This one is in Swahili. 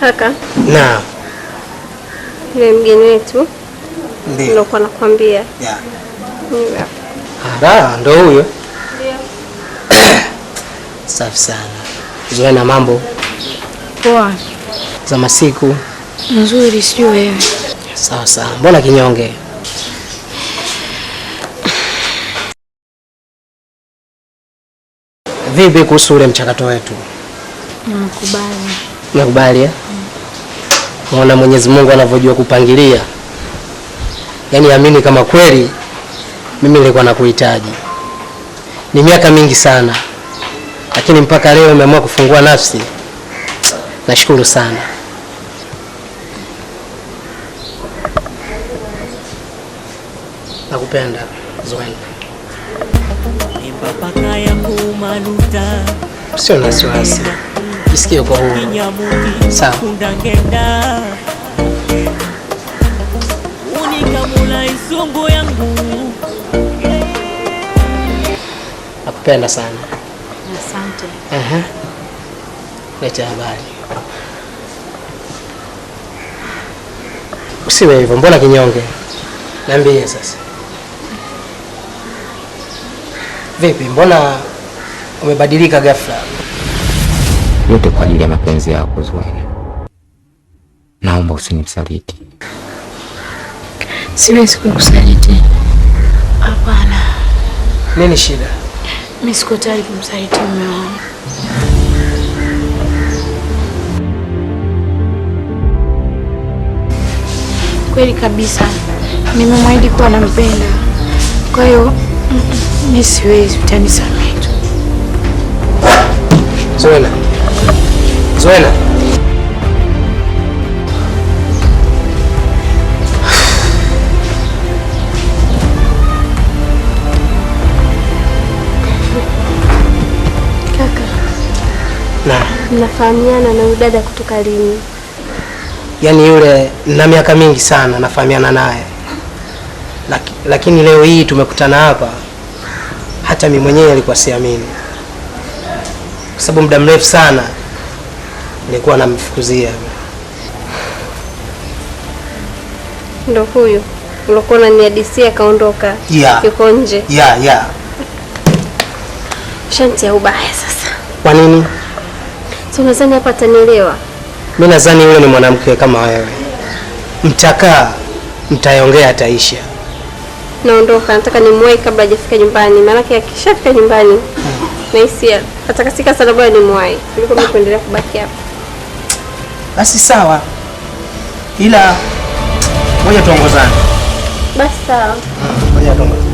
Kaka. Na. Yule mgeni wetu ndio Ndio kwa nakwambia. Yeah. Ndio. Ah, Ndio huyo. Ndio. Safi sana. Zoe na mambo poa za masiku nzuri, sio wewe? Sawa sawa. Mbona kinyonge? Vipi kuhusu ule mchakato wetu? Nakubali. Nakubali eh? Muona Mwenyezi Mungu anavyojua kupangilia. Yaani amini kama kweli mimi nilikuwa nakuhitaji. Ni miaka mingi sana. Lakini mpaka leo nimeamua kufungua nafsi. Nashukuru sana. Nakupenda Zuena. Sio na wasiwasi. Jisikie kwa huru. Sawa. Nakupenda sana. Asante. Aha. Leta habari. Usiwe hivyo, mbona kinyonge? Niambie sasa. Vipi, mbona umebadilika ghafla? yote kwa ajili ya mapenzi yako Zuena, naomba usinisaliti. Siwezi kukusaliti. Hapana. Nini shida? Mimi siko tayari kumsaliti mume wangu. Kweli kabisa, nimemwahidi kuwa nampenda, kwa hiyo mimi siwezi, utanisamehe tu Zuena. Nafahamiana na udada kutoka lini? Yaani yule na miaka mingi sana nafahamiana naye, lakini leo hii tumekutana hapa, hata mimi mwenyewe nilikuwa siamini kwa sababu muda mrefu sana nilikuwa namfukuzia. Ndo huyu ulikuwa unaniadisia kaondoka, Yuko nje yeah, yeah. Shanti ya ubaya sasa. Kwa nini? Si nadhani hapa atanielewa? Mimi nadhani yule ni mwanamke kama wewe, mtakaa mtaongea ataisha. Naondoka, nataka nimwahi kabla hajafika nyumbani, maanake akishafika nyumbani hmm nahisi hata kasika sana, bora ni mwai kuliko mimi kuendelea kubaki hapa. Basi sawa, ila moja tuongozane. Basi sawa, moja tuongozane.